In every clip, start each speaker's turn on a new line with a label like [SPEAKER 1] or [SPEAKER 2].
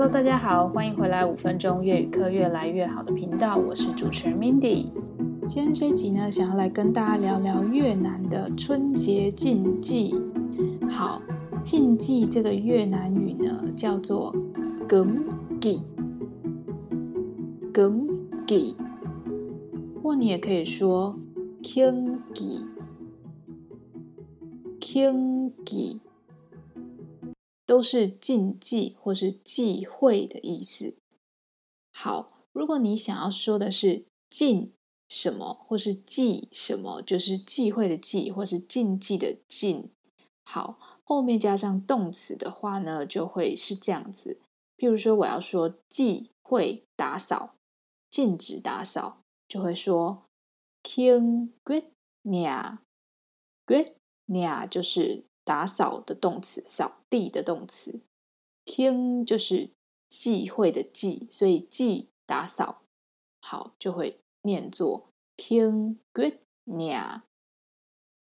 [SPEAKER 1] Hello，大家好，歡迎回來五分鐘越語課越來越好的頻道，我是主持人 Mindy。今天這集呢，想要來跟大家聊聊越南的春節禁忌。好，禁忌這個越南語呢叫做 cấm kỵ，cấm kỵ，或你也可以說 “kiêng kỵ 都是禁忌或是忌諱的意思。好，如果你想要說的是禁什麼或是忌什麼，就是忌諱的忌或是禁忌的禁。好，後面加上動詞的話呢，就會是這樣子。譬如說，我要說忌諱打掃，禁止打掃，就會說 Kiêng quét nhà，quét nhà 就是。打掃的動詞，掃地的動詞，kiêng 就是忌諱的忌，所以忌打掃，好就會念作 kiêng quét nhà。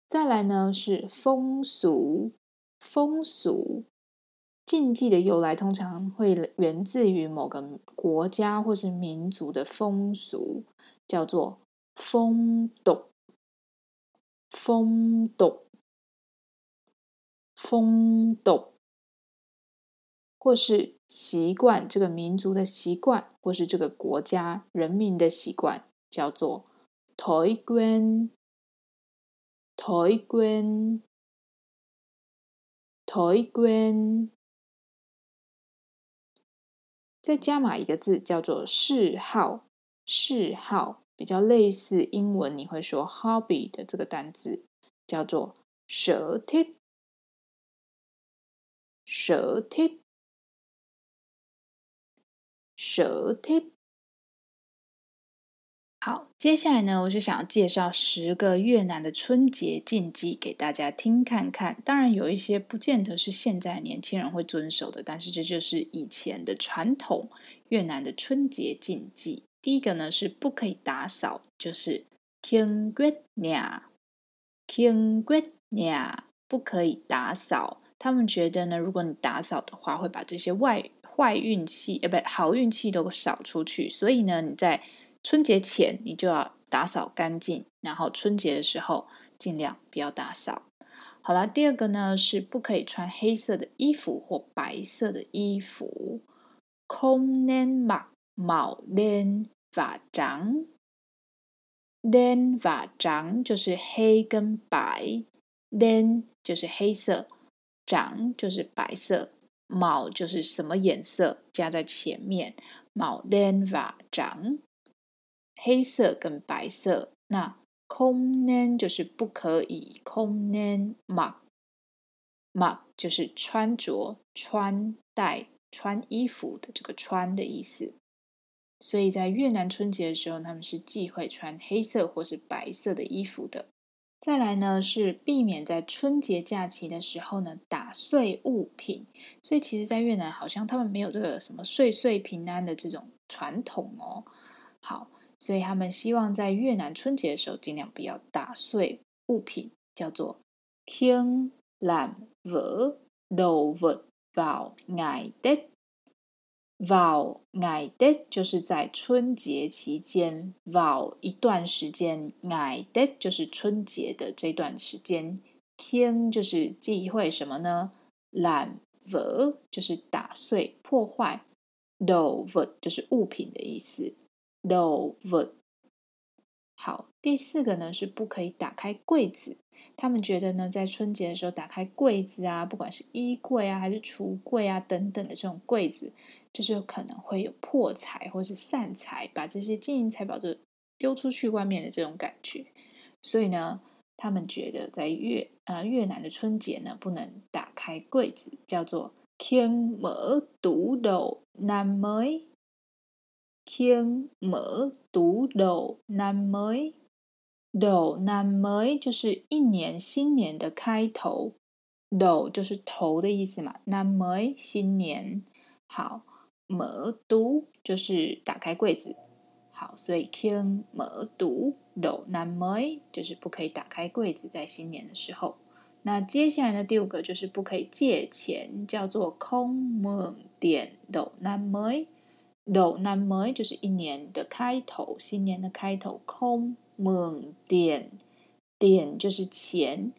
[SPEAKER 1] 再來呢是風俗，風俗禁忌的由來通常會源自於某個國家或是民族的風俗，叫做 phong tục，phong tục。phong tục，或是習慣這個民族的習慣，或是這個國家人民的習慣，叫做 thói quen，thói quen，thói quen。再加碼一個字，叫做嗜好，嗜好比較類似英文，你會說 hobby 的這個單字，叫做 sở thích。捨忒，捨忒。好，接下來呢，我就想要介紹十個越南的春節禁忌給大家聽看看。當然，有一些不見得是現在年輕人會遵守的，但是這就是以前的傳統越南的春節禁忌。第一個呢，是不可以打掃，就是 Kiêng quét nhà，Kiêng quét nhà，不可以打掃。他們覺得呢，如果你打掃的話，會把這些外壞運氣，呃，不是好運氣都掃出去。所以呢，你在春節前你就要打掃乾淨，然後春節的時候盡量不要打掃。好啦，第二個呢，是不可以穿黑色的衣服或白色的衣服。Không nên mặc màu đen và trắng。Đen và trắng 就是黑跟白，đen 就是黑色。長就是白色，毛就是什麼顏色，加在前面，màu đen và 長，黑色跟白色。那 không nên 就是不可以，không nên mặc，mặc 就是穿着、穿戴、穿衣服的這個穿的意思。所以在越南春節的時候，他們是忌諱穿黑色或是白色的衣服的。再來呢，是避免在春節假期的時候呢，打碎物品，所以其實，在越南好像他們沒有這個什麼碎碎平安的這種傳統哦。好，所以他們希望在越南春節的時候盡量不要打碎物品，叫做 không làm vỡ đồ vật vào ngày Tết Vào ngày Tết，就是在春節期間；Vào 一段時間，ngày Tết 就是春節的這段時間。Kiêng 就是忌諱什麼呢？làm vỡ 就是打碎、破壞；đồ vật 就是物品的意思。đồ vật 好，第四個呢是不可以打開櫃子。他們覺得呢，在春節的時候打開櫃子啊，不管是衣櫃啊，還是櫥櫃啊等等的這種櫃子，就是可能會有破財或是散財，把這些金銀財寶就丟出去外面的這種感覺。所以呢，他們覺得在越呃越南的春節呢，不能打開櫃子，叫做 Kiêng mở tủ đầu năm mới, Kiêng mở tủ đầu năm mới。天 đầu năm mới 就是一年新年的開頭 đầu 就是頭的意思嘛 năm mới 新年。好，mở tủ 就是打開櫃子。好，所以 kiêng mở tủ đầu năm mới 就是不可以打開櫃子在新年的時候。那接下來呢，第五個就是不可以借錢，叫做 không mượn tiền đầu năm mới, đầu năm mới 就是一年的開頭，新年的開頭，空。勐點，點就是錢，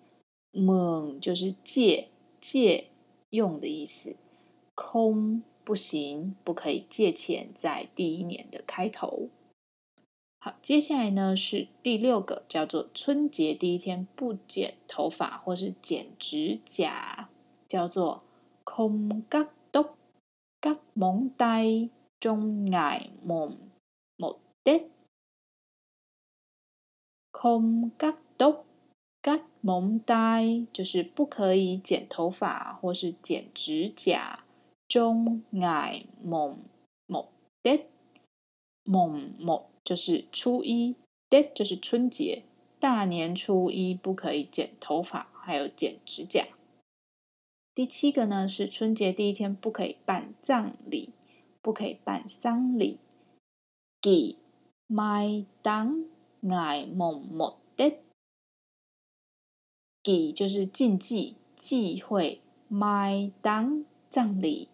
[SPEAKER 1] 勐就是借，借用的意思。空，不行，不可以借錢在第一年的開頭。好，接下來呢是第六個，叫做春節第一天不剪頭髮或是剪指甲，叫做空格多嘎勐帶中矮勐目的。空甲多甲蒙呆，就是不可以剪頭髮或是剪指甲。中愛蒙蒙呆蒙蒙，就是初一，呆就是春節，大年初一不可以剪頭髮，還有剪指甲。第七個呢，是春節第一天不可以辦葬禮，不可以辦喪禮。忌埋當。挨木木的忌就是禁忌、忌諱，麥當葬禮。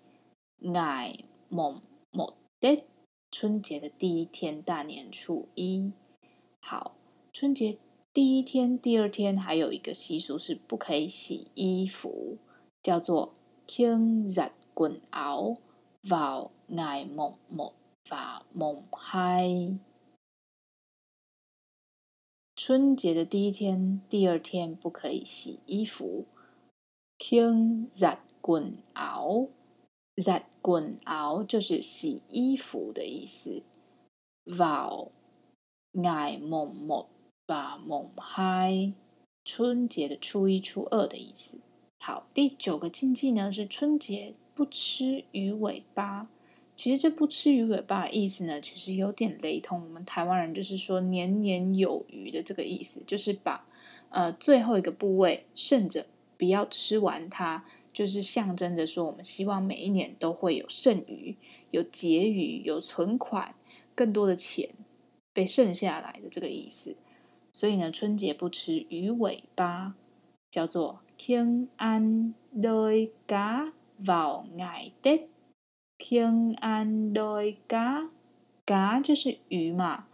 [SPEAKER 1] 挨木木的春節的第一天，大年初一。好，春節第一天、第二天，還有一個習俗是不可以洗衣服，叫做清日滾熬。勿挨木木，勿挨木嗨。春節的第一天、第二天不可以洗衣服，清“熱滾熬”，“熱滾熬”就是洗衣服的意思。“勿愛蒙蒙把蒙嗨”，春節的初一、初二的意思。好，第九個禁忌呢是春節不吃魚尾巴。其實這不吃魚尾巴的意思呢，其實有點雷同。我們台灣人就是說“年年有餘”的這個意思，就是把呃最後一個部位剩着，不要吃完它，就是象征着說我們希望每一年都會有剩餘、有結餘、有存款，更多的錢被剩下來的這個意思。所以呢，春節不吃魚尾巴叫做 Kiêng ăn đuôi cá vào ngày Tết 平安對嘎，嘎就是魚嘛，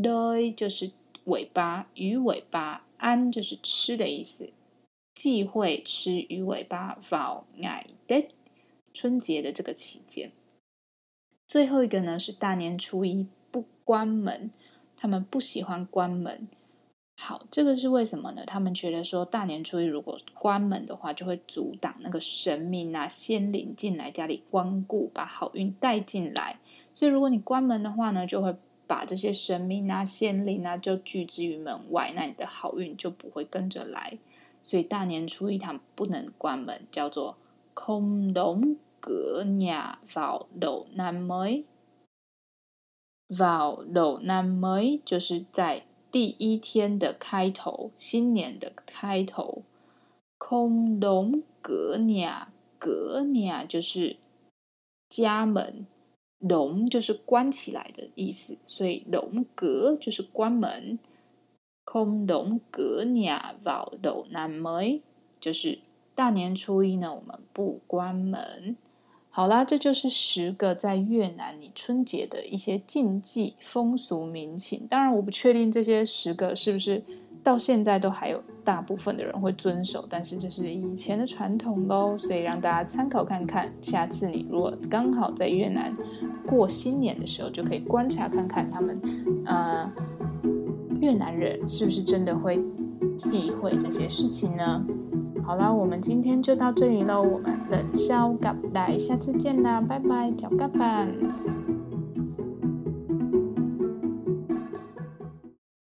[SPEAKER 1] 對就是尾巴，魚尾巴，安就是吃的意思，忌諱吃魚尾巴，否愛的春節的這個期間。最後一個呢，是大年初一不關門，他們不喜歡關門。好，這個是為什麼呢？他們覺得說，大年初一如果關門的話，就會阻擋那個神明啊、仙靈進來家裡光顧，把好運帶進來。所以，如果你關門的話呢，就會把這些神明啊、仙靈呢就拒之於門外，那你的好運就不會跟着來。所以，大年初一他們不能關門，叫做空龍格鳥，法斗南梅，法斗南梅就是在。第一天的開頭，新年的開頭。Không đóng cửa nhà，cửa nhà 就是家門，đóng 就是關起來的意思，所以 đóng cửa 就是關門。Không đóng cửa nhà，vào đầu năm mới，就是大年初一呢，我們不關門。好啦，這就是十個在越南你春節的一些禁忌風俗民情。當然，我不確定這些十個是不是到現在都還有大部分的人會遵守，但是這是以前的傳統咯，所以讓大家參考看看。下次你如果剛好在越南過新年的時候，就可以觀察看看他們，呃，越南人是不是真的會忌諱這些事情呢？好了，我們今天就到這裡嘍。我們冷笑咖帶，下次見啦，拜拜，小夥板。